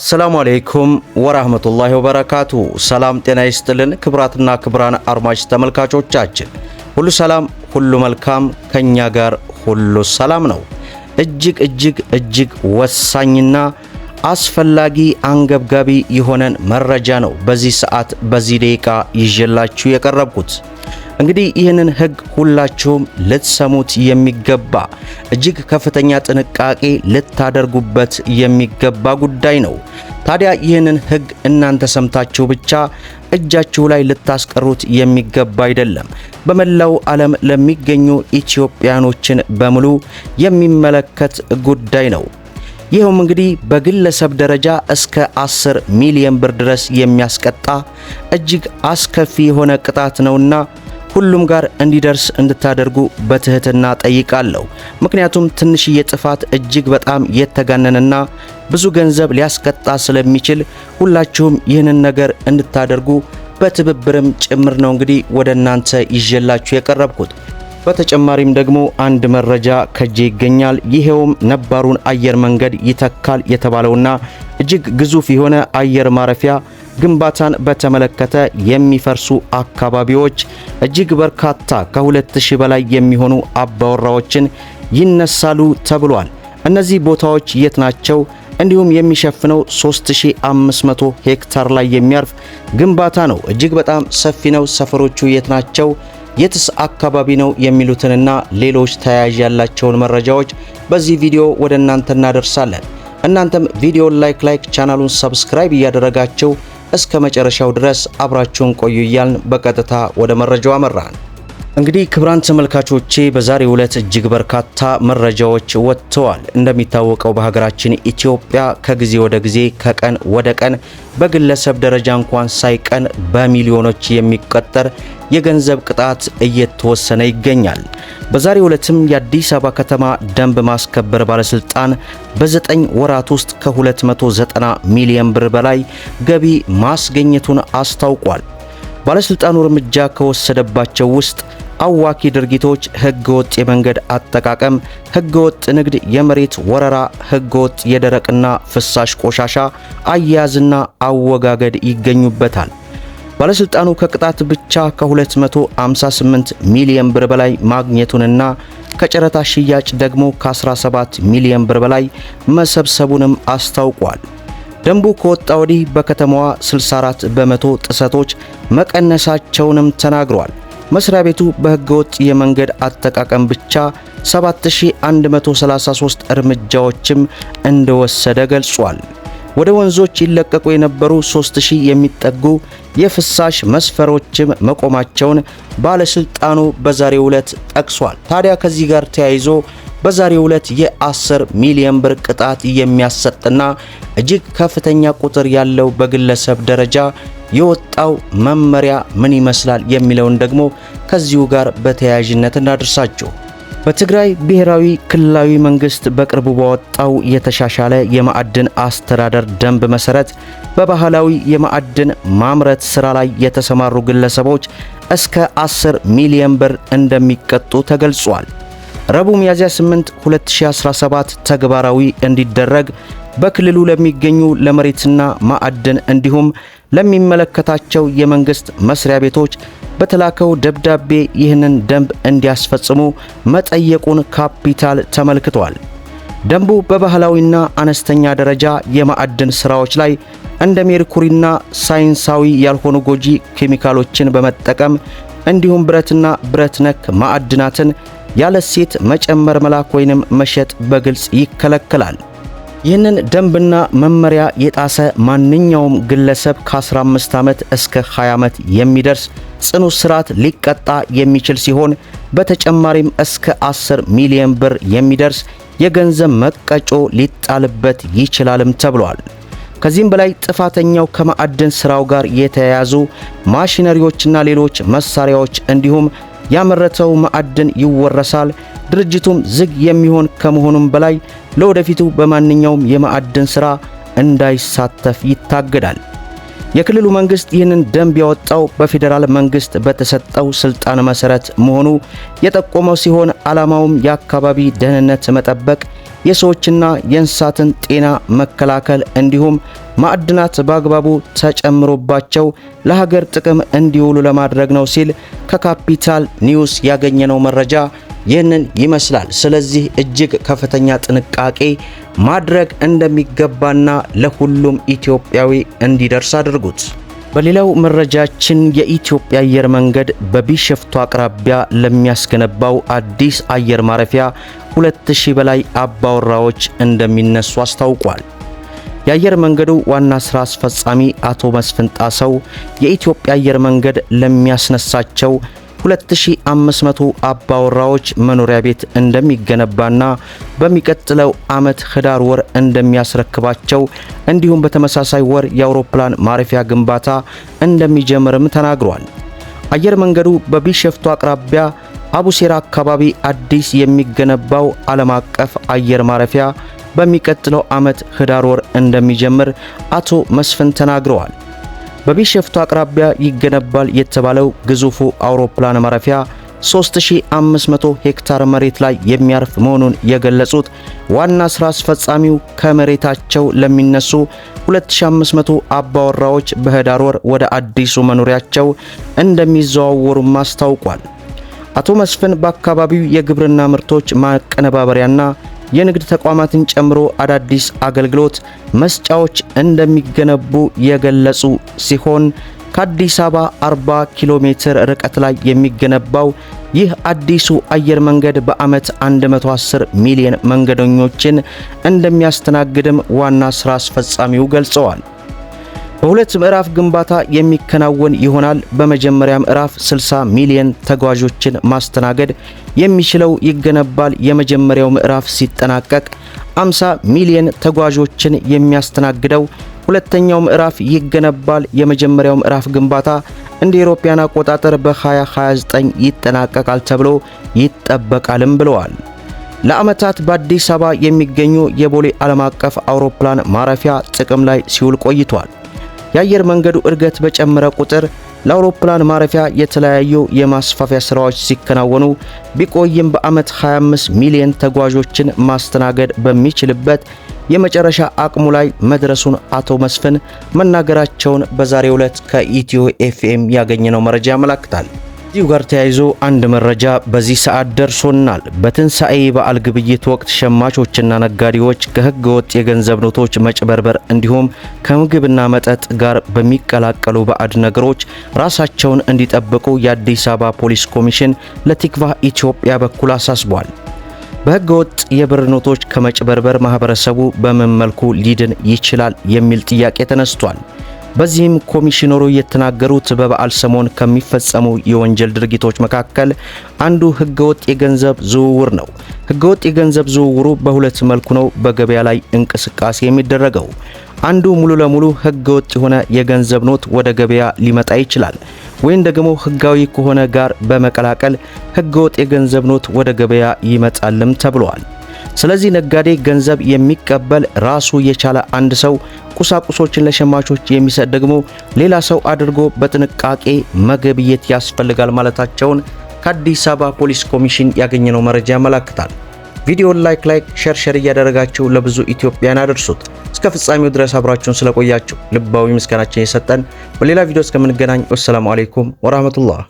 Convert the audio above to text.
አሰላሙ አሌይኩም ወራህመቱላሂ ወበረካቱ። ሰላም ጤና ይስጥልን ክብራትና ክብራን አድማጭ ተመልካቾቻችን ሁሉ ሰላም ሁሉ መልካም፣ ከኛ ጋር ሁሉ ሰላም ነው። እጅግ እጅግ እጅግ ወሳኝና አስፈላጊ አንገብጋቢ የሆነን መረጃ ነው በዚህ ሰዓት በዚህ ደቂቃ ይዤላችሁ የቀረብኩት። እንግዲህ ይህንን ህግ ሁላችሁም ልትሰሙት የሚገባ እጅግ ከፍተኛ ጥንቃቄ ልታደርጉበት የሚገባ ጉዳይ ነው። ታዲያ ይህንን ህግ እናንተ ሰምታችሁ ብቻ እጃችሁ ላይ ልታስቀሩት የሚገባ አይደለም። በመላው ዓለም ለሚገኙ ኢትዮጵያኖችን በሙሉ የሚመለከት ጉዳይ ነው። ይኸውም እንግዲህ በግለሰብ ደረጃ እስከ 10 ሚሊዮን ብር ድረስ የሚያስቀጣ እጅግ አስከፊ የሆነ ቅጣት ነውና ሁሉም ጋር እንዲደርስ እንድታደርጉ በትህትና ጠይቃለሁ። ምክንያቱም ትንሽዬ ጥፋት እጅግ በጣም የተጋነነና ብዙ ገንዘብ ሊያስቀጣ ስለሚችል ሁላችሁም ይህንን ነገር እንድታደርጉ በትብብርም ጭምር ነው እንግዲህ ወደ እናንተ ይዤላችሁ የቀረብኩት። በተጨማሪም ደግሞ አንድ መረጃ ከጄ ይገኛል። ይሄውም ነባሩን አየር መንገድ ይተካል የተባለውና እጅግ ግዙፍ የሆነ አየር ማረፊያ ግንባታን በተመለከተ የሚፈርሱ አካባቢዎች እጅግ በርካታ ከ2000 በላይ የሚሆኑ አባወራዎችን ይነሳሉ ተብሏል። እነዚህ ቦታዎች የት ናቸው? እንዲሁም የሚሸፍነው 3500 ሄክታር ላይ የሚያርፍ ግንባታ ነው። እጅግ በጣም ሰፊ ነው። ሰፈሮቹ የት ናቸው? የትስ አካባቢ ነው የሚሉትንና ሌሎች ተያያዥ ያላቸውን መረጃዎች በዚህ ቪዲዮ ወደ እናንተ እናደርሳለን። እናንተም ቪዲዮን ላይክ ላይክ ቻናሉን ሰብስክራይብ እያደረጋችሁ እስከ መጨረሻው ድረስ አብራችሁን ቆዩ እያልን በቀጥታ ወደ መረጃው አመራን። እንግዲህ ክብራን ተመልካቾቼ በዛሬ ዕለት እጅግ በርካታ መረጃዎች ወጥተዋል። እንደሚታወቀው በሀገራችን ኢትዮጵያ ከጊዜ ወደ ጊዜ ከቀን ወደ ቀን በግለሰብ ደረጃ እንኳን ሳይቀን በሚሊዮኖች የሚቆጠር የገንዘብ ቅጣት እየተወሰነ ይገኛል። በዛሬ ዕለትም የአዲስ አበባ ከተማ ደንብ ማስከበር ባለስልጣን በዘጠኝ ወራት ውስጥ ከ290 ሚሊዮን ብር በላይ ገቢ ማስገኘቱን አስታውቋል። ባለስልጣኑ እርምጃ ከወሰደባቸው ውስጥ አዋኪ ድርጊቶች፣ ህገወጥ የመንገድ አጠቃቀም፣ ህገወጥ ንግድ፣ የመሬት ወረራ፣ ህገወጥ የደረቅና ፍሳሽ ቆሻሻ አያያዝና አወጋገድ ይገኙበታል። ባለሥልጣኑ ከቅጣት ብቻ ከ258 ሚሊዮን ብር በላይ ማግኘቱንና ከጨረታ ሽያጭ ደግሞ ከ17 ሚሊዮን ብር በላይ መሰብሰቡንም አስታውቋል። ደንቡ ከወጣ ወዲህ በከተማዋ 64 በመቶ ጥሰቶች መቀነሳቸውንም ተናግሯል። መስሪያ ቤቱ በህገወጥ የመንገድ አጠቃቀም ብቻ 7133 እርምጃዎችም እንደወሰደ ገልጿል። ወደ ወንዞች ይለቀቁ የነበሩ 3000 የሚጠጉ የፍሳሽ መስፈሮችም መቆማቸውን ባለስልጣኑ በዛሬው ዕለት ጠቅሷል። ታዲያ ከዚህ ጋር ተያይዞ በዛሬው ዕለት የ10 ሚሊዮን ብር ቅጣት የሚያሰጥና እጅግ ከፍተኛ ቁጥር ያለው በግለሰብ ደረጃ የወጣው መመሪያ ምን ይመስላል የሚለውን ደግሞ ከዚሁ ጋር በተያያዥነት እናደርሳችሁ። በትግራይ ብሔራዊ ክልላዊ መንግስት በቅርቡ በወጣው የተሻሻለ የማዕድን አስተዳደር ደንብ መሰረት በባህላዊ የማዕድን ማምረት ስራ ላይ የተሰማሩ ግለሰቦች እስከ 10 ሚሊዮን ብር እንደሚቀጡ ተገልጿል። ረቡዕ ሚያዝያ 8 2017 ተግባራዊ እንዲደረግ በክልሉ ለሚገኙ ለመሬትና ማዕድን እንዲሁም ለሚመለከታቸው የመንግስት መስሪያ ቤቶች በተላከው ደብዳቤ ይህንን ደንብ እንዲያስፈጽሙ መጠየቁን ካፒታል ተመልክቷል። ደንቡ በባህላዊና አነስተኛ ደረጃ የማዕድን ሥራዎች ላይ እንደ ሜርኩሪና ሳይንሳዊ ያልሆኑ ጎጂ ኬሚካሎችን በመጠቀም እንዲሁም ብረትና ብረት ነክ ማዕድናትን ያለ እሴት መጨመር፣ መላክ ወይንም መሸጥ በግልጽ ይከለከላል። ይህንን ደንብና መመሪያ የጣሰ ማንኛውም ግለሰብ ከ15 ዓመት እስከ 20 ዓመት የሚደርስ ጽኑ ስርዓት ሊቀጣ የሚችል ሲሆን በተጨማሪም እስከ 10 ሚሊዮን ብር የሚደርስ የገንዘብ መቀጮ ሊጣልበት ይችላልም ተብሏል። ከዚህም በላይ ጥፋተኛው ከማዕድን ስራው ጋር የተያያዙ ማሽነሪዎችና ሌሎች መሳሪያዎች እንዲሁም ያመረተው ማዕድን ይወረሳል። ድርጅቱም ዝግ የሚሆን ከመሆኑም በላይ ለወደፊቱ በማንኛውም የማዕድን ሥራ እንዳይሳተፍ ይታገዳል። የክልሉ መንግስት ይህንን ደንብ ያወጣው በፌዴራል መንግስት በተሰጠው ስልጣን መሰረት መሆኑ የጠቆመው ሲሆን ዓላማውም የአካባቢ ደህንነት መጠበቅ የሰዎችና የእንስሳትን ጤና መከላከል እንዲሁም ማዕድናት በአግባቡ ተጨምሮባቸው ለሀገር ጥቅም እንዲውሉ ለማድረግ ነው ሲል ከካፒታል ኒውስ ያገኘነው መረጃ ይህንን ይመስላል። ስለዚህ እጅግ ከፍተኛ ጥንቃቄ ማድረግ እንደሚገባና ለሁሉም ኢትዮጵያዊ እንዲደርስ አድርጉት። በሌላው መረጃችን የኢትዮጵያ አየር መንገድ በቢሸፍቱ አቅራቢያ ለሚያስገነባው አዲስ አየር ማረፊያ 2000 በላይ አባወራዎች እንደሚነሱ አስታውቋል። የአየር መንገዱ ዋና ሥራ አስፈጻሚ አቶ መስፍን ጣሰው የኢትዮጵያ አየር መንገድ ለሚያስነሳቸው 2500 አባወራዎች መኖሪያ ቤት እንደሚገነባና በሚቀጥለው ዓመት ህዳር ወር እንደሚያስረክባቸው እንዲሁም በተመሳሳይ ወር የአውሮፕላን ማረፊያ ግንባታ እንደሚጀምርም ተናግሯል። አየር መንገዱ በቢሸፍቱ አቅራቢያ አቡሴራ አካባቢ አዲስ የሚገነባው ዓለም አቀፍ አየር ማረፊያ በሚቀጥለው ዓመት ህዳር ወር እንደሚጀምር አቶ መስፍን ተናግረዋል። በቢሸፍቱ አቅራቢያ ይገነባል የተባለው ግዙፉ አውሮፕላን ማረፊያ 3500 ሄክታር መሬት ላይ የሚያርፍ መሆኑን የገለጹት ዋና ሥራ አስፈጻሚው ከመሬታቸው ለሚነሱ 2500 አባወራዎች በህዳር ወር ወደ አዲሱ መኖሪያቸው እንደሚዘዋወሩም አስታውቋል። አቶ መስፍን በአካባቢው የግብርና ምርቶች ማቀነባበሪያና የንግድ ተቋማትን ጨምሮ አዳዲስ አገልግሎት መስጫዎች እንደሚገነቡ የገለጹ ሲሆን ከአዲስ አበባ 40 ኪሎ ሜትር ርቀት ላይ የሚገነባው ይህ አዲሱ አየር መንገድ በዓመት 110 ሚሊዮን መንገደኞችን እንደሚያስተናግድም ዋና ስራ አስፈጻሚው ገልጸዋል። በሁለት ምዕራፍ ግንባታ የሚከናወን ይሆናል። በመጀመሪያ ምዕራፍ 60 ሚሊዮን ተጓዦችን ማስተናገድ የሚችለው ይገነባል። የመጀመሪያው ምዕራፍ ሲጠናቀቅ 50 ሚሊዮን ተጓዦችን የሚያስተናግደው ሁለተኛው ምዕራፍ ይገነባል። የመጀመሪያው ምዕራፍ ግንባታ እንደ ኢሮፓያን አቆጣጠር በ2029 ይጠናቀቃል ተብሎ ይጠበቃልም ብለዋል። ለዓመታት በአዲስ አበባ የሚገኙ የቦሌ ዓለም አቀፍ አውሮፕላን ማረፊያ ጥቅም ላይ ሲውል ቆይቷል። የአየር መንገዱ እድገት በጨመረ ቁጥር ለአውሮፕላን ማረፊያ የተለያዩ የማስፋፊያ ስራዎች ሲከናወኑ ቢቆይም በዓመት 25 ሚሊዮን ተጓዦችን ማስተናገድ በሚችልበት የመጨረሻ አቅሙ ላይ መድረሱን አቶ መስፍን መናገራቸውን በዛሬው ዕለት ከኢትዮ ኤፍኤም ያገኘነው መረጃ ያመላክታል። ከዚሁ ጋር ተያይዞ አንድ መረጃ በዚህ ሰዓት ደርሶናል። በትንሣኤ በዓል ግብይት ወቅት ሸማቾችና ነጋዴዎች ከሕገ ወጥ የገንዘብ ኖቶች መጭበርበር እንዲሁም ከምግብና መጠጥ ጋር በሚቀላቀሉ ባዕድ ነገሮች ራሳቸውን እንዲጠብቁ የአዲስ አበባ ፖሊስ ኮሚሽን ለቲክቫ ኢትዮጵያ በኩል አሳስቧል። በሕገ ወጥ የብር ኖቶች ከመጭበርበር ማኅበረሰቡ በምን መልኩ ሊድን ይችላል የሚል ጥያቄ ተነስቷል። በዚህም ኮሚሽነሩ የተናገሩት በበዓል ሰሞን ከሚፈጸሙ የወንጀል ድርጊቶች መካከል አንዱ ህገወጥ የገንዘብ ዝውውር ነው። ህገወጥ የገንዘብ ዝውውሩ በሁለት መልኩ ነው በገበያ ላይ እንቅስቃሴ የሚደረገው። አንዱ ሙሉ ለሙሉ ህገወጥ የሆነ የገንዘብ ኖት ወደ ገበያ ሊመጣ ይችላል፣ ወይም ደግሞ ህጋዊ ከሆነ ጋር በመቀላቀል ህገወጥ የገንዘብ ኖት ወደ ገበያ ይመጣልም ተብሏል። ስለዚህ ነጋዴ ገንዘብ የሚቀበል ራሱ የቻለ አንድ ሰው፣ ቁሳቁሶችን ለሸማቾች የሚሰጥ ደግሞ ሌላ ሰው አድርጎ በጥንቃቄ መገብየት ያስፈልጋል ማለታቸውን ከአዲስ አበባ ፖሊስ ኮሚሽን ያገኘነው መረጃ ያመላክታል። ቪዲዮን ላይክ ላይክ ሸር ሸር እያደረጋችሁ ለብዙ ኢትዮጵያን አድርሱት። እስከ ፍጻሜው ድረስ አብራችሁን ስለቆያችሁ ልባዊ ምስጋናችን የሰጠን። በሌላ ቪዲዮ እስከምንገናኝ ወሰላሙ አሌይኩም ወራህመቱላህ።